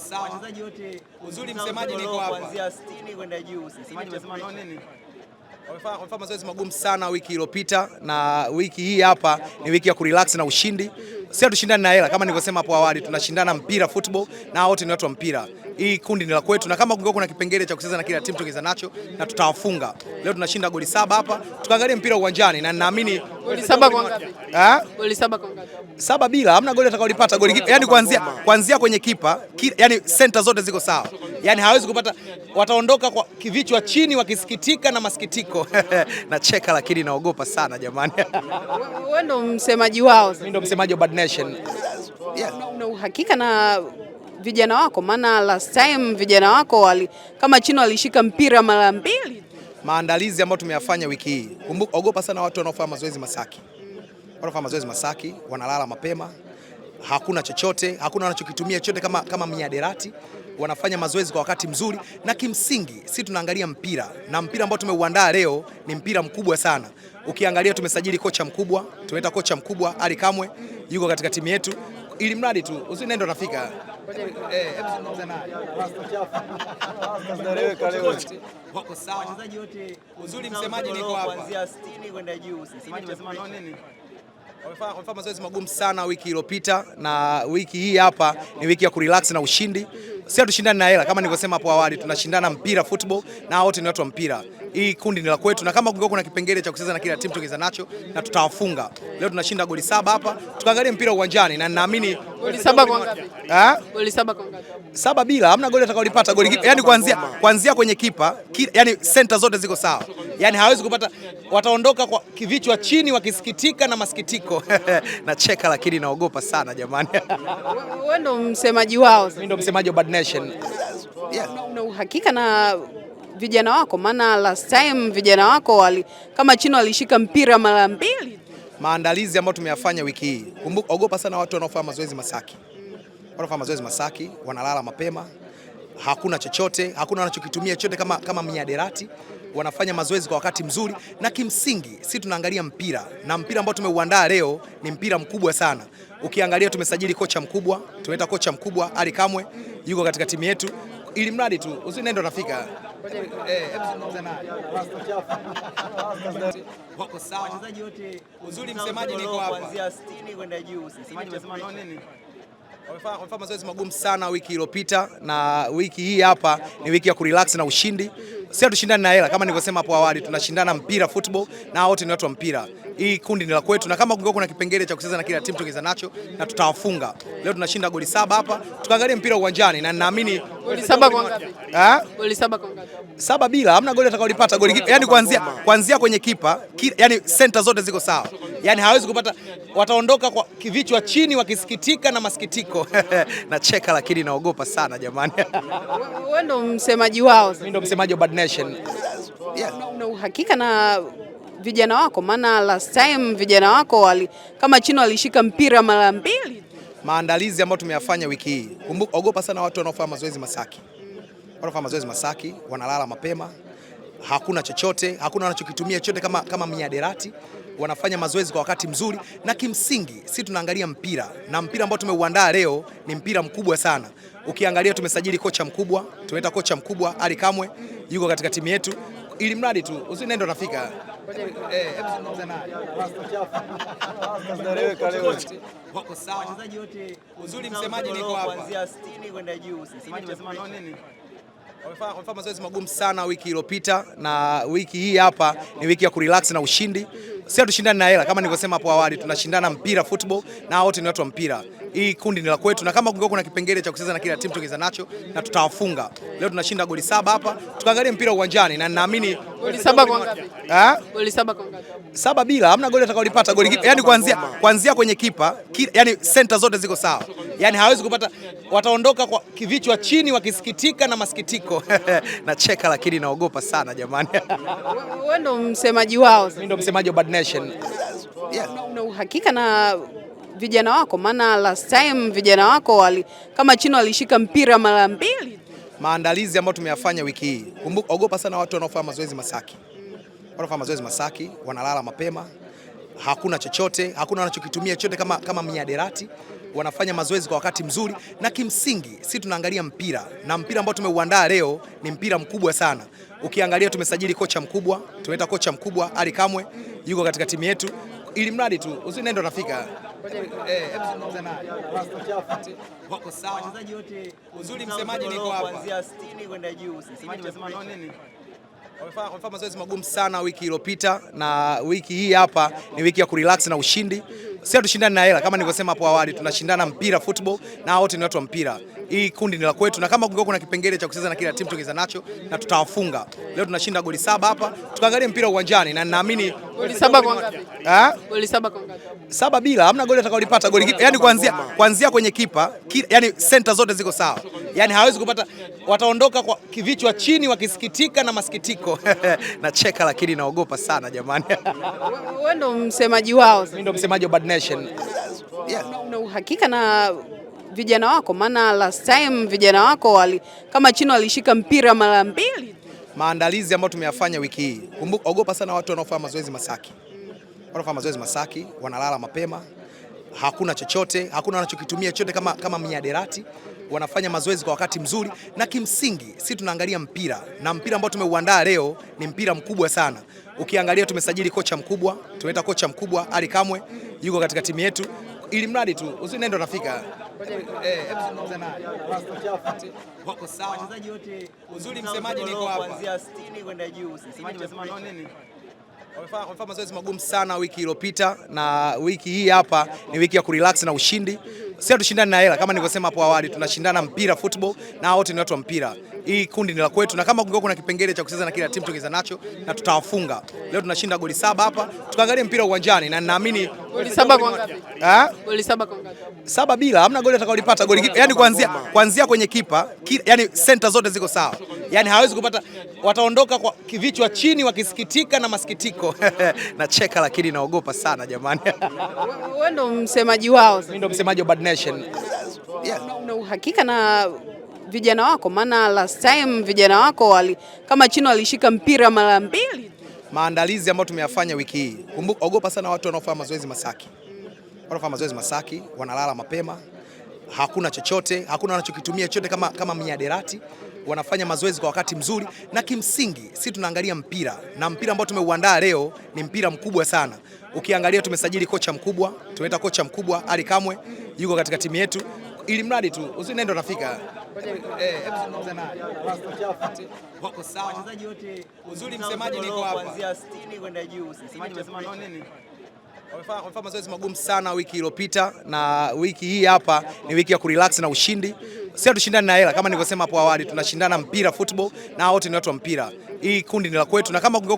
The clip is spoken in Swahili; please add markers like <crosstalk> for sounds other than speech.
sawa. Wachezaji wote uzuri, msemaji niko hapa kuanzia 60 kwenda juu. Msemaji amesema nini? Wamefanya mazoezi magumu sana wiki iliyopita na wiki hii hapa ni wiki ya kurelax na ushindi. si hatushindani na hela kama nilivyosema hapo awali, tunashindana mpira football, na wote ni watu wa mpira hii kundi ni la kwetu, na kama kungekuwa kuna kipengele cha kucheza na kila timu tungeza nacho na tutawafunga. Leo tunashinda goli saba hapa, tukaangalia mpira uwanjani na ninaamini goli saba kwa ngapi? Eh, goli saba kwa ngapi? Saba bila, hamna goli atakaolipata goli, yani kuanzia kuanzia kwenye kipa, yani center zote ziko sawa, yani hawezi kupata, wataondoka kwa kivichwa chini wakisikitika na masikitiko <laughs> nacheka, lakini naogopa sana jamani. Wewe ndo msemaji wao, mimi ndo msemaji wa Bad Nation. Una uhakika na vijana wako? Maana last time vijana wako wali, kama Chino walishika mpira mara mbili. Maandalizi ambayo tumeyafanya wiki hii, kumbuka, ogopa sana watu wanaofanya mazoezi Masaki, wanaofanya mazoezi Masaki wanalala mapema, hakuna chochote, hakuna wanachokitumia chochote kama, kama miaderati wanafanya mazoezi kwa wakati mzuri, na kimsingi si tunaangalia mpira na mpira ambao tumeuandaa leo ni mpira mkubwa sana. Ukiangalia tumesajili kocha mkubwa, tumeleta kocha mkubwa Ali Kamwe, yuko katika timu yetu ili mradi tu usinendo utafika. Eh, wako sawa wachezaji wote uzuri, msemaji niko hapa kuanzia 60 kwenda juu. Msemaji amesema nini? Wamefanya mazoezi magumu sana wiki iliyopita na wiki hii hapa ni wiki ya kurelax na ushindi. Si hatushindani na hela kama nilivyosema hapo awali, tunashindana mpira football, na wote ni watu wa mpira hii kundi ni la kwetu, na kama kungekuwa kuna kipengele cha kucheza na kila timu tungeza nacho na tutawafunga. Leo tunashinda goli saba hapa, tukaangalie mpira uwanjani na ninaamini goli saba kwa ngapi? Eh? Goli saba kwa ngapi? Saba bila, hamna goli atakaolipata goli. Yaani kuanzia kuanzia kwenye kipa, yani center zote ziko sawa. Yaani hawezi kupata, wataondoka kwa kivichwa chini wakisikitika na masikitiko. <laughs> Nacheka lakini naogopa sana jamani. Wewe ndo msemaji wao. Mimi ndo msemaji wa Bad Nation. Una uhakika na vijana wako? Maana last time vijana wako wali, kama Chino walishika mpira mara mbili. Maandalizi ambayo tumeyafanya wiki hii, kumbuka, ogopa sana watu wanaofanya mazoezi Masaki, wanaofanya mazoezi Masaki wanalala mapema, hakuna chochote, hakuna wanachokitumia chochote kama, kama miaderati wanafanya mazoezi kwa wakati mzuri, na kimsingi si tunaangalia mpira na mpira ambao tumeuandaa leo ni mpira mkubwa sana. Ukiangalia tumesajili kocha mkubwa, tumeleta kocha mkubwa Ali Kamwe, yuko katika timu yetu, ili mradi tu usinende unafika wako sawa. Wachezaji wote uzuri, msemaji niko hapa kuanzia 60 kwenda juu. Msemaji amesema nini? Wamefanya mazoezi magumu sana wiki iliyopita na wiki hii hapa ni wiki ya kurelax na ushindi si hatushindani na hela kama nilivyosema hapo awali, tunashindana mpira football, na wote ni watu wa mpira. Hii kundi ni la kwetu, na kama kungekuwa kuna kipengele cha kucheza na kila timu tungeza nacho na tutawafunga. Leo tunashinda goli saba hapa, tukaangalie mpira uwanjani, na ninaamini goli saba kwa ngapi? Eh, goli saba kwa ngapi? saba bila, hamna goli atakaolipata goli. Yani kuanzia kuanzia kwenye kipa, yani senta zote ziko sawa, yani hawezi kupata, wataondoka kwa vichwa chini wakisikitika na masikitiko. <laughs> Nacheka lakini naogopa sana jamani. <laughs> Wewe ndo msemaji wao, mimi ndo msemaji wa Bad Nation. Yeah. Una uhakika na vijana wako? Maana last time vijana wako wali, kama chini walishika mpira mara mbili. Maandalizi ambayo tumeyafanya wiki hii, ogopa sana watu wanaofanya mazoezi Masaki wanafanya mazoezi Masaki, wanalala mapema, hakuna chochote, hakuna wanachokitumia chochote kama, kama miaderati. Wanafanya mazoezi kwa wakati mzuri, na kimsingi si tunaangalia mpira, na mpira ambao tumeuandaa leo ni mpira mkubwa sana. Ukiangalia tumesajili kocha mkubwa, tumeleta kocha mkubwa Ali Kamwe, yuko katika timu yetu, ili mradi tu usinendo nafika eh, Uzuri msemaji niko hapa kuanzia 60 kwenda juu. Msemaji nini? Wamefanya, mazoezi magumu sana wiki iliyopita na wiki hii hapa ni wiki ya kurelax na ushindi. Si hatushindani na hela kama nilivyosema hapo awali, tunashindana mpira football, na wote ni watu wa mpira. Hii kundi ni la kwetu, na kama kungekuwa kuna kipengele cha kucheza na kila timu tungeza nacho na tutawafunga. Leo tunashinda goli saba hapa, tukaangalie mpira uwanjani, na ninaamini goli saba kwa ngapi? Eh, goli saba kwa ngapi? Saba bila, hamna goli atakaolipata goli, yani yaani kuanzia kuanzia kwenye kipa, yani center zote ziko sawa yani hawezi kupata, wataondoka kwa kivichwa chini wakisikitika na masikitiko. <laughs> Nacheka lakini naogopa sana jamani. <laughs> Wewe ndo msemaji wao, mimi ndo msemaji wa Bad Nation. Una uhakika na vijana wako? Maana last time vijana wako wali, kama chini walishika mpira mara mbili. Maandalizi ambayo tumeyafanya wiki hii, kumbuka, ogopa sana watu wanaofanya mazoezi Masaki, wanaofanya mazoezi Masaki wanalala mapema hakuna chochote, hakuna wanachokitumia chochote kama, kama miaderati. Wanafanya mazoezi kwa wakati mzuri, na kimsingi si tunaangalia mpira na mpira ambao tumeuandaa leo ni mpira mkubwa sana. Ukiangalia tumesajili kocha mkubwa, tumeleta kocha mkubwa Ali Kamwe yuko katika timu yetu, ili mradi tu usinendo rafika eh, wako sawa. Uzuri msemaji niko hapa kuanzia 60 kwenda juu. Msemaji amesema nini? wamefanya mazoezi magumu sana wiki iliyopita na wiki hii hapa ni wiki ya kurelax na ushindi. Si hatushindani na hela kama nilivyosema hapo awali, tunashindana mpira football, na wote ni watu wa mpira hii kundi ni la kwetu, na kama kungekuwa kuna kipengele cha kucheza na kila timu tungeza nacho na tutawafunga. Leo tunashinda goli saba hapa, tukaangalia mpira uwanjani na ninaamini goli saba kwa ngapi? Eh, goli saba kwa ngapi? Saba bila, hamna goli atakaolipata goli, yani kuanzia kuanzia kwenye kipa, yani center zote ziko sawa, yani hawezi kupata, wataondoka kwa kivichwa chini wakisikitika na masikitiko <laughs> na cheka, lakini naogopa sana jamani. <laughs> Wewe ndo msemaji wao, mimi ndo msemaji wa Bad Nation. Una uhakika na vijana wako? Maana last time vijana wako wali, kama Chino walishika mpira mara mbili. Maandalizi ambayo tumeyafanya wiki hii, kumbuka, ogopa sana watu wanaofanya mazoezi Masaki, wanaofanya mazoezi Masaki wanalala mapema, hakuna chochote, hakuna wanachokitumia chochote kama, kama miaderati wanafanya mazoezi kwa wakati mzuri, na kimsingi sisi tunaangalia mpira na mpira ambao tumeuandaa leo ni mpira mkubwa sana. Ukiangalia tumesajili kocha mkubwa, tumeleta kocha mkubwa Ali Kamwe, yuko katika timu yetu ili mradi tu usinendo nafika eh, wako sawa. Wachezaji wote uzuri, msemaji niko hapa kuanzia 60 kwenda juu, msemaji amesema nini? wamefanya mazoezi magumu sana wiki iliyopita na wiki hii hapa ni wiki ya kurelax na ushindi. Si hatushindani na hela kama nilivyosema hapo awali, tunashindana mpira football, na wote ni watu wa mpira. Hii kundi ni la kwetu, na kama kungekuwa kuna kipengele cha kucheza na kila timu tungeza nacho na tutawafunga. Leo tunashinda goli saba hapa, tukaangalie mpira uwanjani, na ninaamini goli saba kwa ngapi? Ah, goli saba kwa ngapi? saba bila hamna goli atakaolipata goli. Yani kuanzia kuanzia kwenye kipa ki, yani senta zote ziko sawa, yani hawezi kupata, wataondoka kwa vichwa chini wakisikitika na masikitiko <laughs> nacheka, lakini naogopa sana jamani. <laughs> Wewe ndo msemaji wao, mimi ndo msemaji wa Bad Nation. Yeah. Una uhakika na vijana wako? Maana last time vijana wako wali, kama chini walishika mpira mara mbili. Maandalizi ambayo tumeyafanya wiki hii, ogopa sana watu wanaofanya mazoezi Masaki wanafanya mazoezi Masaki, wanalala mapema, hakuna chochote, hakuna wanachokitumia chochote kama, kama miaderati wanafanya mazoezi kwa wakati mzuri, na kimsingi si tunaangalia mpira na mpira ambao tumeuandaa leo ni mpira mkubwa sana. Ukiangalia tumesajili kocha mkubwa, tumeleta kocha mkubwa Ali Kamwe yuko katika timu yetu, ili mradi tu usinendo nafika eh, eh, wachezaji wote uzuri, msemaji niko hapa kuanzia 60 kwenda juu, msemaji amesema nini? Wamefanya mazoezi magumu sana wiki iliyopita na wiki hii hapa ni wiki ya kurelax na ushindi. Si hatushindani na hela kama nilivyosema hapo awali, tunashindana mpira football, na wote ni watu wa mpira. Hii kundi ni la kwetu, na kama